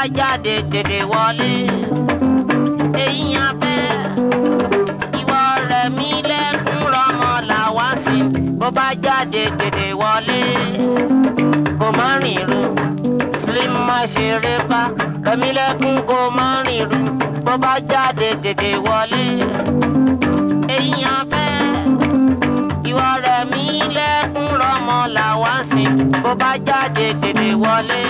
bá jáde tètè wọlé eyín abẹ́ ìwọ rẹ̀ mí lẹ́kún rọmọ làwa fi bó bá jáde tètè wọlé kò má rìn ru slim má ṣe répa rẹ̀mí lẹ́kún kò má rìn ru bó bá jáde tètè wọlé eyín abẹ́ ìwọ rẹ̀ mí lẹ́kún rọmọ làwa fi bó bá jáde tètè wọlé.